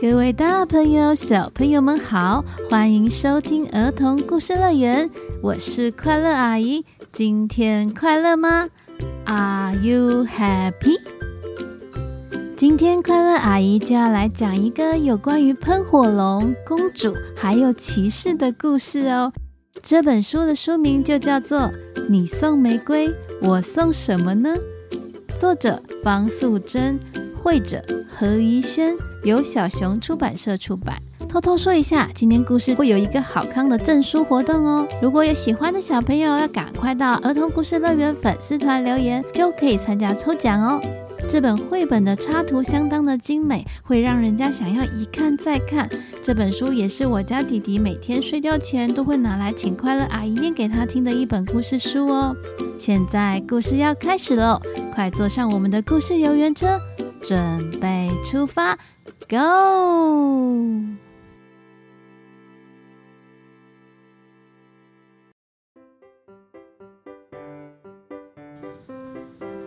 各位大朋友、小朋友們好，歡迎收聽兒童故事樂園，我是快樂阿姨。今天快樂嗎？Are you happy？今天快樂阿姨就要來講一個有關於噴火龍、公主還有騎士的故事哦。這本書的書名就叫做《你送玫瑰，我送什麼呢？》作者方素珍。繪者何怡軒由小熊出版社出版。偷偷說一下，今天故事會有一個好康的贈書活動哦！如果有喜歡的小朋友，要趕快到兒童故事樂園粉絲團留言，就可以參加抽獎哦。這本繪本的插圖相當的精美，會讓人家想要一看再看。這本書也是我家弟弟每天睡覺前都會拿來請快樂阿姨念給他聽的一本故事書哦。現在故事要開始嘍，快坐上我們的故事遊園車！準備出發，Go！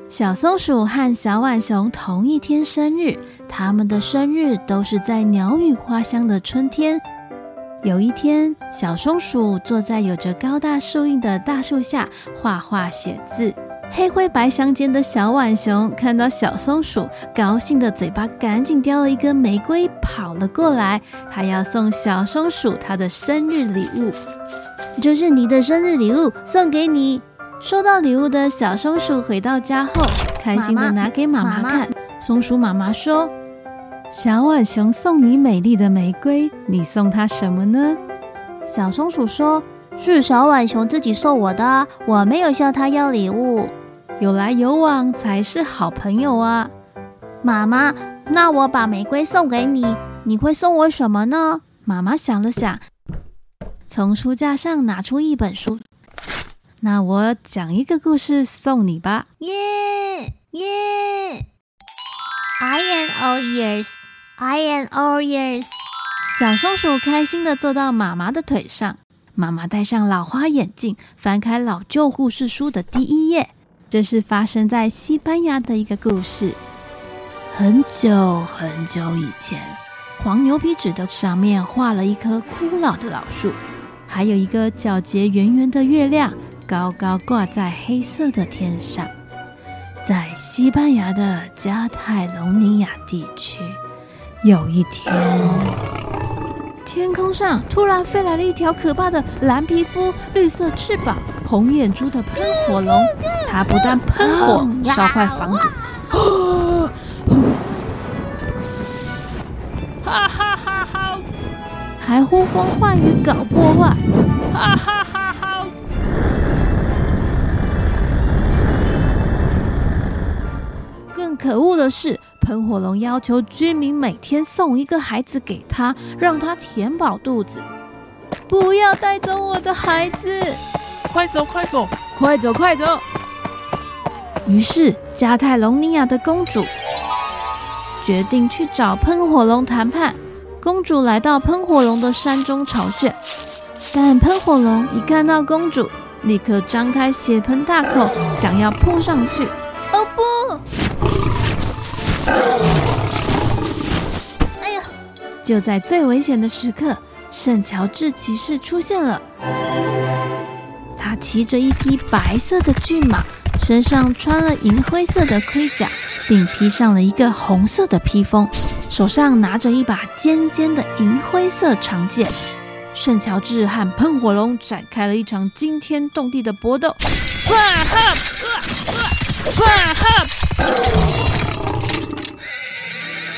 小松鼠和小浣熊同一天生日，他們的生日都是在鳥語花香的春天。有一天，小松鼠坐在有着高大樹蔭的大樹下畫畫寫字。黑灰白相間的小浣熊看到小松鼠，高興得嘴巴，趕緊叼了一根玫瑰跑了過來。它要送小松鼠它的生日禮物，這是你的生日禮物，送給你。收到禮物的小松鼠回到家後，開心地拿給媽媽看。松鼠媽媽說：“小浣熊送你美麗的玫瑰，你送它什麼呢？”小松鼠說：“是小浣熊自己送我的，我沒有向它要禮物。”有來有往才是好朋友啊。媽媽，那我把玫瑰送給你，你會送我什麼呢？媽媽想了想，從書架上拿出一本書。那我講一個故事送你吧。耶耶，yeah, yeah！I am all ears. I am all ears. 小松鼠開心的坐到媽媽的腿上，媽媽戴上老花眼鏡，翻開老舊故事書的第一頁。這是發生在西班牙的一個故事。很久很久以前，黃牛皮紙的上面畫了一棵枯老的老樹，還有一個皎潔圓圓的月亮，高高掛在黑色的天上。在西班牙的加泰隆尼亞地區，有一天，天空上突然飛來了一條可怕的藍皮膚、綠色翅膀。紅眼珠的噴火龍，它不但噴火燒壞房子，哈哈哈哈，還呼風喚雨搞破壞。哈哈哈哈！更可惡的是，噴火龍要求居民每天送一個孩子給他，讓他填飽肚子。不要帶走我的孩子！快走，快走，快走，快走！於是加泰隆尼亞的公主決定去找噴火龍談判。公主來到噴火龍的山中巢穴，但噴火龍一看到公主，立刻張開血盆大口，想要撲上去。哦不！哎呀、啊！就在最危險的時刻，聖喬治騎士出現了。騎着一匹白色的駿馬，身上穿了銀灰色的盔甲，並披上了一個紅色的披風，手上拿着一把尖尖的銀灰色長劍。聖喬治和噴火龍展開了一場驚天動地的搏鬥。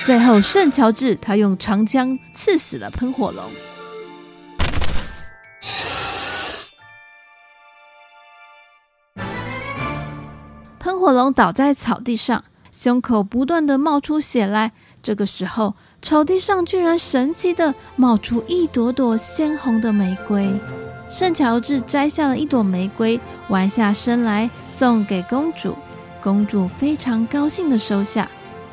最後，聖喬治他用長槍刺死了噴火龍。噴火龍倒在草地上，胸口不斷的冒出血來。這個時候，草地上居然神奇的冒出一朵朵鮮紅的玫瑰。聖喬治摘下了一朵玫瑰，彎下身來送給公主。公主非常高興的收下，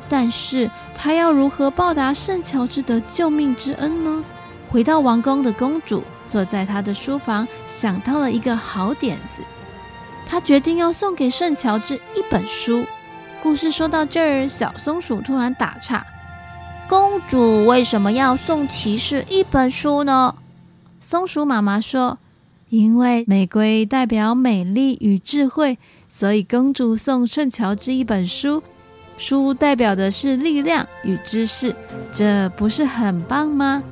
但是她要如何報答聖喬治的救命之恩呢？回到王宮的公主坐在她的書房，想到了一個好點子。他決定要送給聖喬治一本書。故事說到這兒，小松鼠突然打岔：“公主為什麼要送騎士一本書呢？”松鼠媽媽說：“因為玫瑰代表美麗與智慧，所以公主送聖喬治一本書，書代表的是力量與知識，這不是很棒嗎？”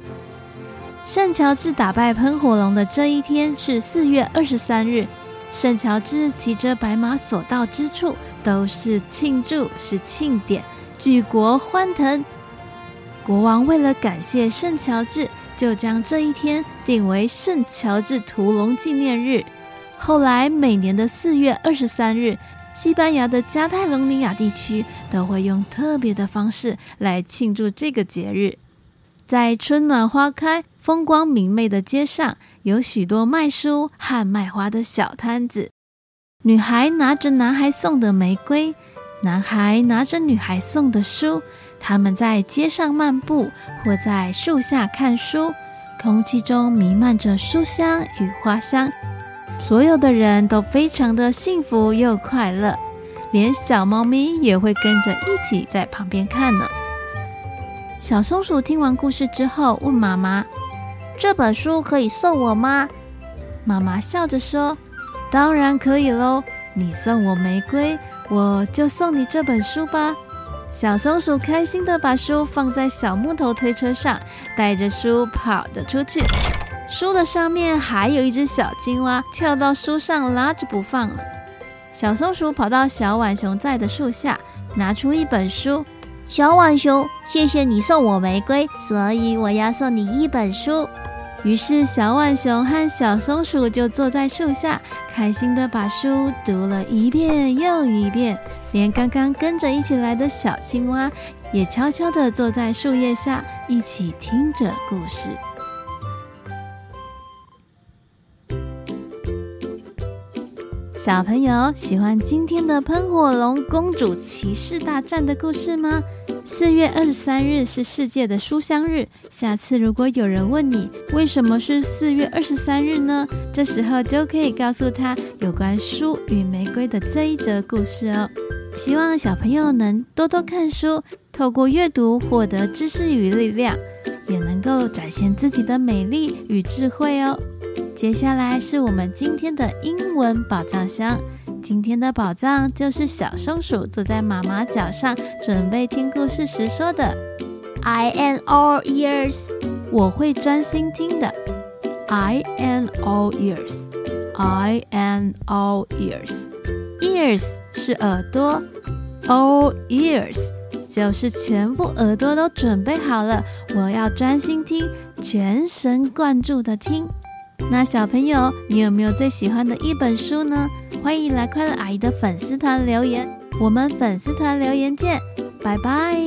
聖喬治打敗噴火龍的這一天是四月二十三日。聖喬治騎着白馬，所到之處都是慶祝，是慶典，舉國歡騰。國王為了感謝聖喬治，就將這一天定為聖喬治屠龍紀念日。後來，每年的四月二十三日，西班牙的加泰隆尼亞地區都會用特別的方式來慶祝這個節日。在春暖花開、風光明媚的街上。有許多賣書和賣花的小攤子，女孩拿着男孩送的玫瑰，男孩拿着女孩送的書。他們在街上漫步，或在樹下看書，空氣中瀰漫着書香與花香。所有的人都非常的幸福又快樂，連小貓咪也會跟着一起在旁邊看呢。小松鼠聽完故事之後問媽媽。這本書可以送我嗎？媽媽笑着說：“當然可以嘍，你送我玫瑰，我就送你這本書吧。”小松鼠開心地把書放在小木頭推車上，帶着書跑着出去。書的上面還有一隻小青蛙跳到書上拉着不放了。小松鼠跑到小浣熊在的樹下，拿出一本書。小浣熊，謝謝你送我玫瑰，所以我要送你一本書。於是，小浣熊和小松鼠就坐在樹下，開心的把書讀了一遍又一遍，連剛剛跟着一起來的小青蛙，也悄悄的坐在樹葉下，一起聽着故事。小朋友，喜歡今天的《噴火龍公主騎士大戰》的故事嗎？四月二十三日是世界的書香日。下次如果有人問你為什麼是四月二十三日呢？這時候就可以告訴他有關書與玫瑰的這一則故事哦。希望小朋友能多多看書，透過閱讀獲得知識與力量，也能夠展現自己的美麗與智慧哦。接下來是我們今天的英文寶藏箱。今天的寶藏就是小松鼠坐在媽媽腳上，準備聽故事時說的：“I am all ears。”我會專心聽的。“I am all ears。”“I am all ears。”“Ears” 是耳朵，“All ears” 就是全部耳朵都準備好了，我要專心聽，全神貫注的聽。那小朋友，你有沒有最喜歡的一本書呢？歡迎來快樂阿姨的粉絲團留言。我們粉絲團留言見，拜拜。